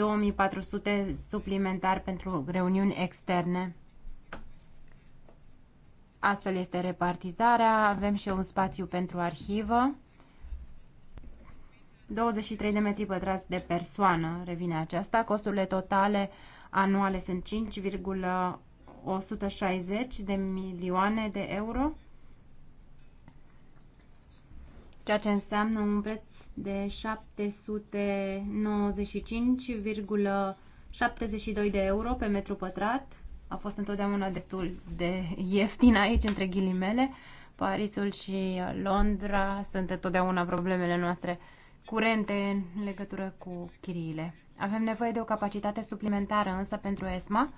2.400 suplimentari pentru reuniuni externe. Astfel este repartizarea. Avem și un spațiu pentru arhivă. 23 de metri pătrați de persoană revine aceasta. Costurile totale anuale sunt 5,160 de milioane de euro, ceea ce înseamnă un preț de 795,72 de euro pe metru pătrat a fost întotdeauna destul de ieftin aici, între ghilimele. Parisul și Londra sunt întotdeauna problemele noastre curente în legătură cu chiriile. Avem nevoie de o capacitate suplimentară însă pentru ESMA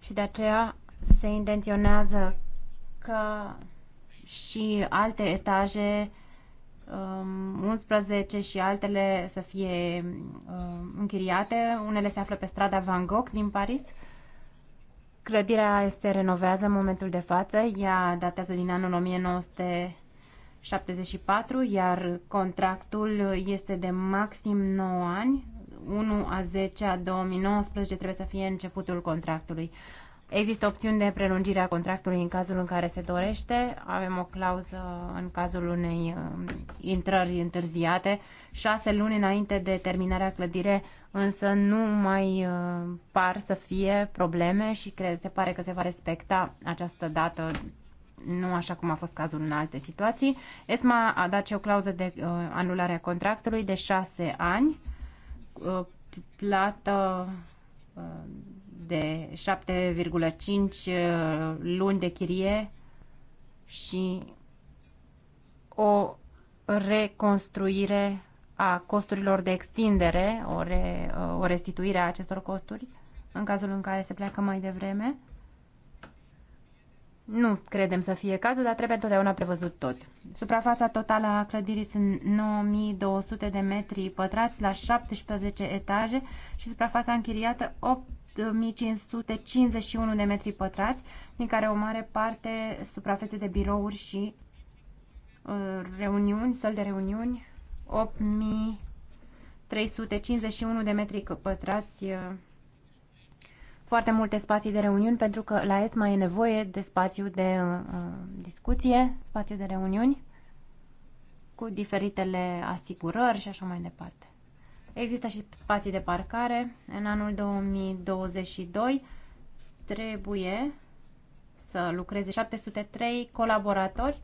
și de aceea se intenționează ca și alte etaje 11 um, și altele să fie um, închiriate. Unele se află pe strada Van Gogh din Paris Clădirea se renovează în momentul de față, ea datează din anul 1974, iar contractul este de maxim 9 ani, 1 a 10 a 2019 trebuie să fie începutul contractului. Există opțiuni de prelungire a contractului în cazul în care se dorește. Avem o clauză în cazul unei um, intrări întârziate. Șase luni înainte de terminarea clădire, însă nu mai uh, par să fie probleme și cred, se pare că se va respecta această dată nu așa cum a fost cazul în alte situații. ESMA a dat și o clauză de uh, anulare a contractului de șase ani, uh, plată uh, de 7,5 uh, luni de chirie și o reconstruire a costurilor de extindere, o, re, uh, o restituire a acestor costuri, în cazul în care se pleacă mai devreme. Nu credem să fie cazul, dar trebuie întotdeauna prevăzut tot. Suprafața totală a clădirii sunt 9200 de metri pătrați la 17 etaje și suprafața închiriată 1551 de metri pătrați, din care o mare parte suprafețe de birouri și uh, reuniuni, săli de reuniuni, 8351 de metri pătrați, uh, foarte multe spații de reuniuni, pentru că la ESMA e nevoie de spațiu de uh, discuție, spațiu de reuniuni, cu diferitele asigurări și așa mai departe. Există și spații de parcare. În anul 2022 trebuie să lucreze 703 colaboratori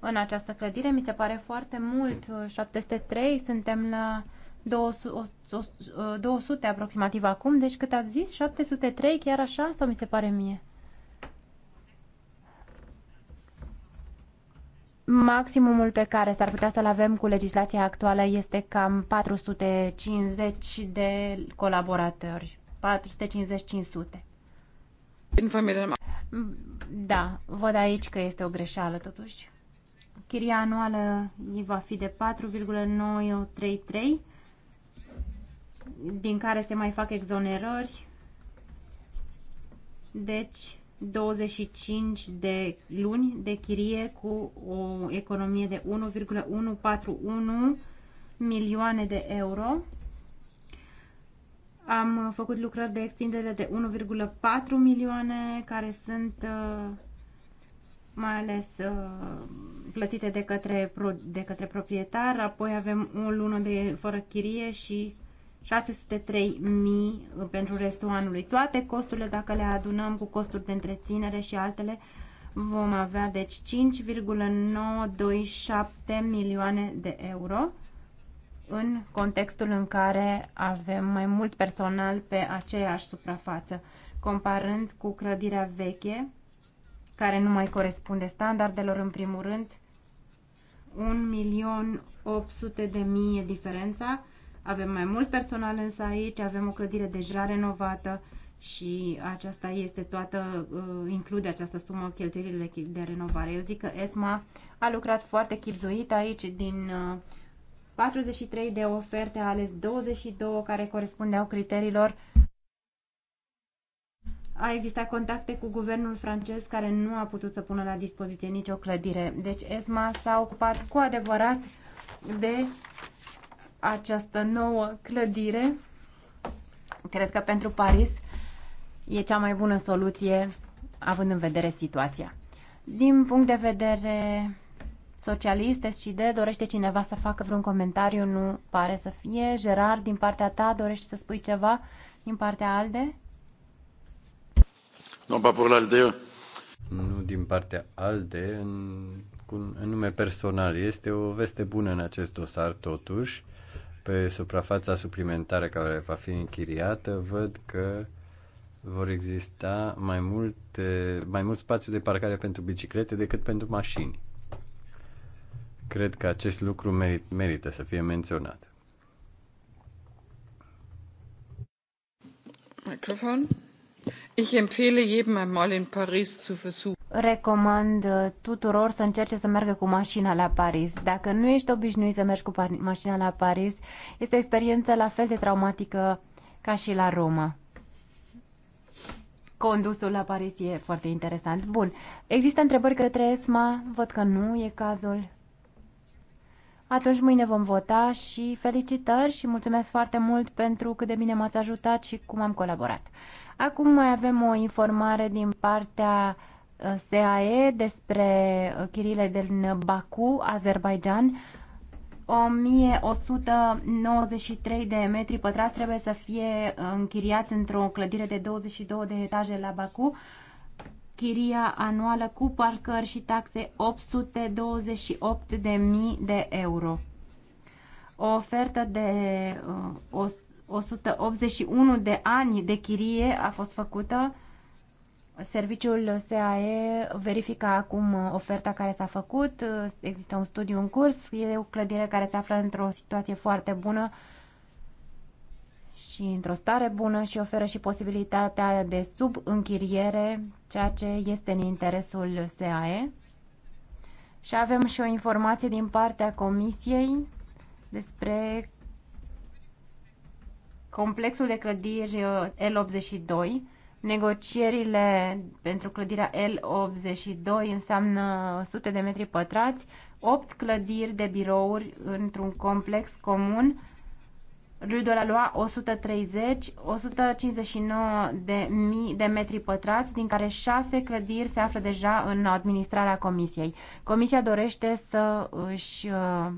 în această clădire. Mi se pare foarte mult, 703, suntem la 200, 200 aproximativ acum, deci cât ați zis, 703 chiar așa sau mi se pare mie? Maximumul pe care s-ar putea să-l avem cu legislația actuală este cam 450 de colaboratori. 450-500. Da, văd aici că este o greșeală totuși. Chiria anuală va fi de 4,933, din care se mai fac exonerări. Deci, 25 de luni de chirie cu o economie de 1,141 milioane de euro. Am făcut lucrări de extindere de 1,4 milioane care sunt uh, mai ales uh, plătite de către, de către proprietar. Apoi avem o lună de fără chirie și 603.000 pentru restul anului. Toate costurile, dacă le adunăm cu costuri de întreținere și altele, vom avea deci 5,927 milioane de euro în contextul în care avem mai mult personal pe aceeași suprafață, comparând cu clădirea veche, care nu mai corespunde standardelor în primul rând, 1.800.000 e diferența, avem mai mult personal însă aici, avem o clădire deja renovată și aceasta este toată, uh, include această sumă cheltuielile de renovare. Eu zic că ESMA a lucrat foarte chipzuit aici din 43 uh, de oferte, a ales 22 care corespundeau criteriilor a existat contacte cu guvernul francez care nu a putut să pună la dispoziție nicio clădire. Deci ESMA s-a ocupat cu adevărat de această nouă clădire. Cred că pentru Paris e cea mai bună soluție, având în vedere situația. Din punct de vedere socialist, SCD, dorește cineva să facă vreun comentariu? Nu pare să fie. Gerard, din partea ta, dorești să spui ceva din partea ALDE? Nu, no, pa la ALDE. Nu din partea ALDE, în cu în nume personal. Este o veste bună în acest dosar, totuși. Pe suprafața suplimentară care va fi închiriată, văd că vor exista mai mult, mai mult spațiu de parcare pentru biciclete decât pentru mașini. Cred că acest lucru merit, merită să fie menționat. Microfon. Ich empfehle jedem einmal in Paris zu versuchen recomand uh, tuturor să încerce să meargă cu mașina la Paris. Dacă nu ești obișnuit să mergi cu mașina la Paris, este o experiență la fel de traumatică ca și la Roma. Condusul la Paris e foarte interesant. Bun. Există întrebări către ESMA? Văd că nu e cazul. Atunci mâine vom vota și felicitări și mulțumesc foarte mult pentru cât de bine m-ați ajutat și cum am colaborat. Acum mai avem o informare din partea SAE despre chirile din Baku, Azerbaijan. 1193 de metri pătrați trebuie să fie închiriați într-o clădire de 22 de etaje la Baku. Chiria anuală cu parcări și taxe 828.000 de euro. O ofertă de 181 uh, de ani de chirie a fost făcută Serviciul SAE verifică acum uh, oferta care s-a făcut, uh, există un studiu în curs, e o clădire care se află într-o situație foarte bună și într-o stare bună și oferă și posibilitatea de subînchiriere, ceea ce este în interesul SAE. Și avem și o informație din partea Comisiei despre complexul de clădiri uh, L82, Negocierile pentru clădirea L82 înseamnă sute de metri pătrați, 8 clădiri de birouri într-un complex comun, Rue de la Lua 130, 159 de mii de metri pătrați, din care 6 clădiri se află deja în administrarea comisiei. Comisia dorește să își uh,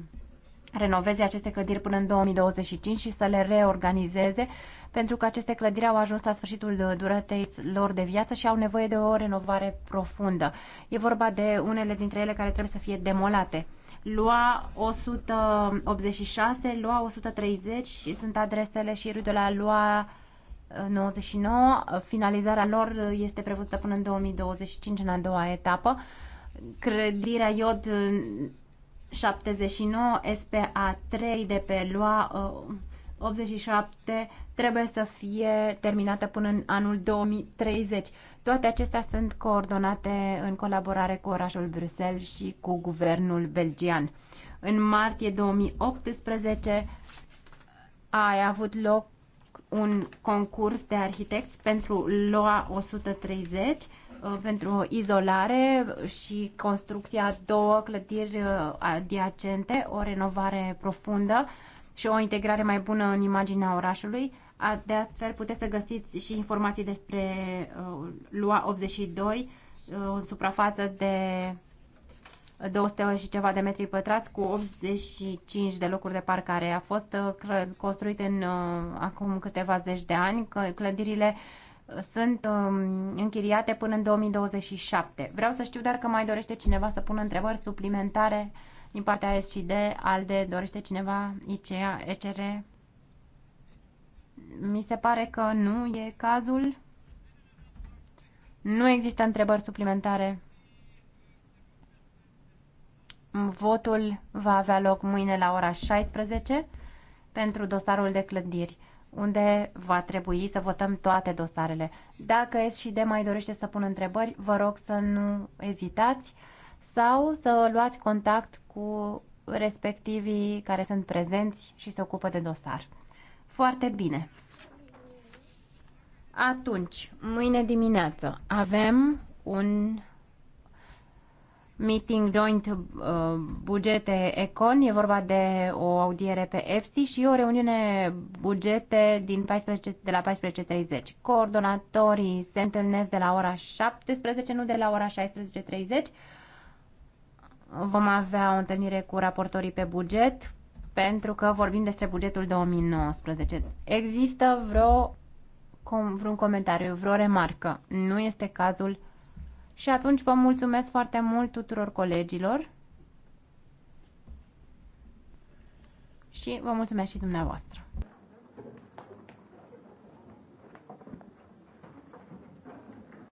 renoveze aceste clădiri până în 2025 și să le reorganizeze pentru că aceste clădiri au ajuns la sfârșitul uh, duratei lor de viață și au nevoie de o renovare profundă. E vorba de unele dintre ele care trebuie să fie demolate. Lua 186, Lua 130 și sunt adresele și de la Lua 99. Uh, Finalizarea lor uh, este prevăzută până în 2025, în a doua etapă. Credirea Iod 79, SPA 3 de pe Lua 87, trebuie să fie terminată până în anul 2030. Toate acestea sunt coordonate în colaborare cu orașul Bruxelles și cu guvernul belgian. În martie 2018 a avut loc un concurs de arhitecți pentru LOA 130 uh, pentru izolare și construcția două clădiri uh, adiacente, o renovare profundă și o integrare mai bună în imaginea orașului. De astfel puteți să găsiți și informații despre uh, Lua 82, o uh, suprafață de 200 și ceva de metri pătrați cu 85 de locuri de parcare. A fost uh, construit în, uh, acum câteva zeci de ani. Clădirile sunt um, închiriate până în 2027. Vreau să știu dacă mai dorește cineva să pună întrebări suplimentare din partea S și D, ALDE dorește cineva, ICEA, ECR? Mi se pare că nu e cazul. Nu există întrebări suplimentare. Votul va avea loc mâine la ora 16 pentru dosarul de clădiri, unde va trebui să votăm toate dosarele. Dacă S și D mai dorește să pună întrebări, vă rog să nu ezitați sau să luați contact cu respectivii care sunt prezenți și se ocupă de dosar. Foarte bine. Atunci, mâine dimineață avem un meeting joint uh, bugete Econ, e vorba de o audiere pe EFSI și o reuniune bugete din 14, de la 14.30. Coordonatorii se întâlnesc de la ora 17, nu de la ora 16.30 vom avea o întâlnire cu raportorii pe buget, pentru că vorbim despre bugetul 2019. Există vreo, com, vreun comentariu, vreo remarcă? Nu este cazul. Și atunci vă mulțumesc foarte mult tuturor colegilor și vă mulțumesc și dumneavoastră.